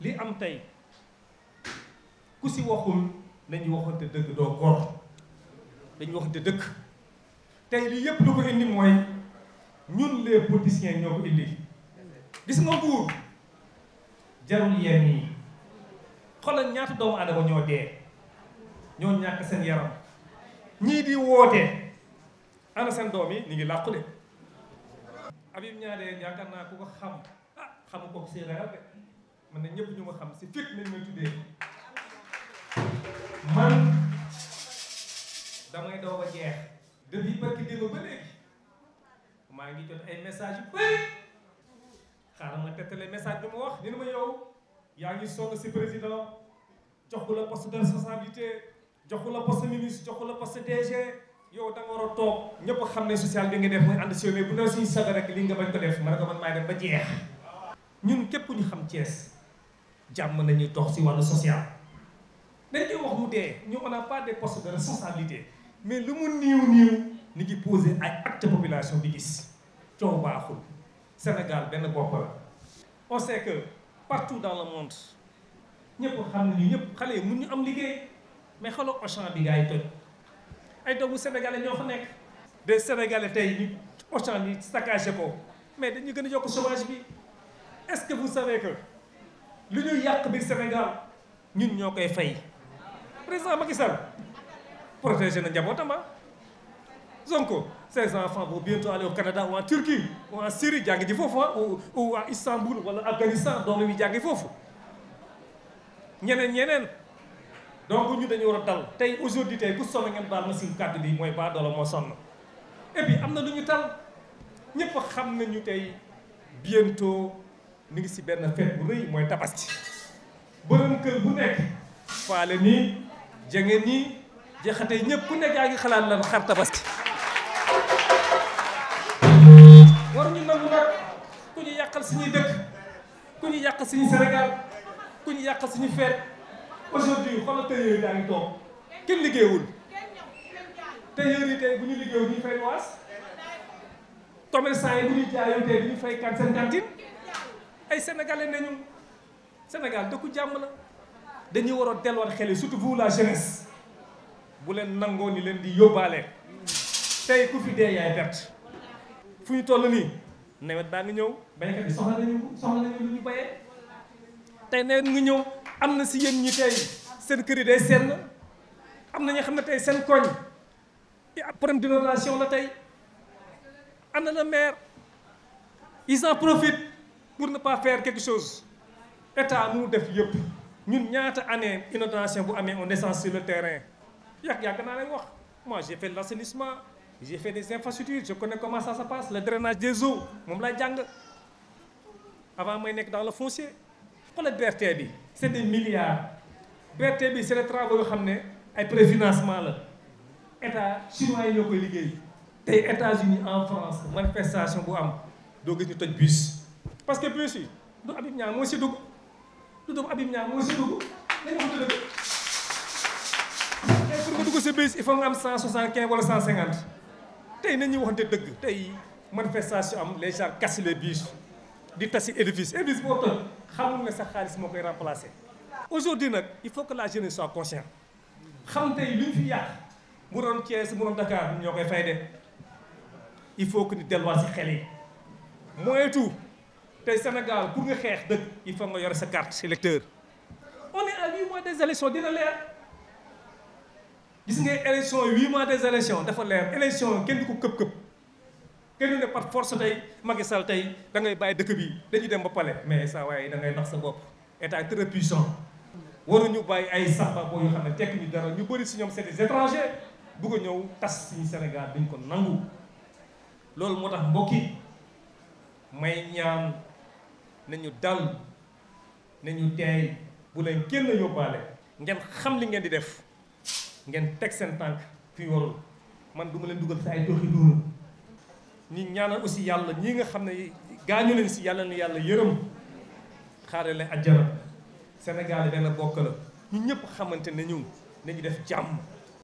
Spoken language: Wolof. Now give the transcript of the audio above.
li am tey ku si waxul nañu waxante dëgg doo góor dañu te dëgg tey lii yépp lu ko indi mooy ñun les politiciens ñoo ko indi gis nga nguur jarul yenn yi xoolal ñaata doomu adama ñoo dee ñoo ñàkk seen yaram ñii di woote ana seen doom yi ñu ngi làqu naa ku ko xam ah xamu ko si ragal de man na ñëpp ñu ma xam si fit nañ ma tuddee man damay doog a jeex depuis barki démb ba maa ngi jot ay message yu bëri xaaral ma tettale message bi ma wax ni ma yow yaa ngi soog si président joxu a poste de responsabilité joxu la poste ministre joxu la poste DG yow da nga war a toog ñëpp xam ne social bi nga def muy ànd si yow mais bu ne suñu saga li nga bañ ko def ma ne ko man maay def ba jeex ñun képp ñu xam cees jàmm nañuy dox si wàllu social dañ koy wax mu dee ñu on a pas des postes de responsabilité mais lu mu niiw niiw ni ngi posé ay acte population bi gis coow baaxul Sénégal benn bopp la on sait que partout dans le monde ñëpp xam ne ñu ñëpp xale yi mun ñu am liggéey mais xalo Auchan bi gars yi toj ay doomu sénégalais ñoo fa nekk des sénégalais tey ñu Auchan yi saccagé ko mais dañu gën a yokk chômage bi est-ce que vous savez que lu ñuy yàq biir Sénégal ñun ñoo koy fay président Macky Sall protéger na njabootam ah Sonko ses enfants vont bientôt aller au Canada ou en Turquie ou Syrie jàngi ji foofu ah Istanbul wala Afghanistan doom yi jàngi foofu ñeneen ñeneen donc ñu dañu war a dal tey aujourd'hui tey ku sonn ngeen baal ma si kàddu bi mooy baa doola moo sonn et am na lu ñu tal ñëpp xam nañu tey bientôt mi ngi si benn feet bu rëy mooy tabaski borom kër bu nekk faale nii jangeen nii jaxate ñëpp ku nekk yaa ngi xalaat la xar tabaski war ñu nangu nag ku ñu yàqal suñuy dëkk ku ñu yàqal suñu Sénégal ku ñu yàqal suñu feet aujourd'hui xoolal tailleur yaa ngi toog kenn liggéeyul tailleur yi bu ñu liggéeyul ñu fay waas commerçant yi bu ñu jaayoo tey bu ñu fay kan seen cantine ay sénégalais nañu Sénégal dëkku jàmm la dañuy war a delluwaat xel yi surtout vous la jeunesse bu leen nangoo ni leen di yóbbaale tey ku fi dee yaay perte fu ñu toll nii nawet baa ngi ñëw béykat bi soxla nañu soxla nañu lu ñu béyee tey nawet ngi ñëw am na si yéen ñi tey seen kër yi day seen am na ñoo xam ne tey seen koñ problème d'inondation la tey am na la maire ils en profitent pour ne pas faire quelque chose état mënu def yëpp ñun ñaata année inondation bu amee on descend sur le terrain yàgg-yàgg naa leen wax moi j'ai fait de l'assainissement j'ai fait des infrastructures je connais comment ça se passe le drainage des eaux moom lay jàng avant may nekk dans le foncier wala BRT bi c'est des milliards BRT bi c'est des travaux yoo xam ne ay préfinancement la état si yi ñoo koy liggéey tey États-Unis en France manifestation bu am doo gis parce que bus yi du Habib Niang moo si dugg du doomu Habib Niang moo si dugg dañu xam dëgg tey pour nga si bus il faut nga am cent soixante quinze wala cent cinquante tey nañuy waxante tey manifestation am les gens cassent les bus di tasi édifice édifice boo toj xamul ne sa xaalis moo koy remplacer aujourd'hui nag il faut que la jeunesse soit consciente xam tey lu ñu fi yàq mu doon Thiès mu doon Dakar ñoo koy fay il faut que ñu delluwaat si xel yi tey Sénégal pour nga xeex dëgg il faut nga yore sa carte électeur on a à mois des élections dina leer gis nga élection huit mois des élections dafa leer élection kenn du ko këp-këp kenn du ne par force tey Macky tey da bàyyi dëkk bi dañuy dem ba palais mais saa waaye da ngay nax sa bopp état très puissant waruñu bàyyi ay samba boo yoo xam ne tekk ñu dara ñu bëri si ñoom c'est des étrangers bugg ñëw tas suñu Sénégal duñ ko nangu loolu moo tax mbokk yi may nañu dal nañu teey bu leen kenn yóbbaale ngeen xam li ngeen di def ngeen teg seen tànk fi warul man duma leen dugal si ay doxi duuru ñi ñaanal aussi yàlla ñi nga xam ne gaañu leen si yàlla na yàlla yërëm xaare leen ajjana Sénégal benn bokk la ñu ñëpp xamante ne ñu nañu def jàmm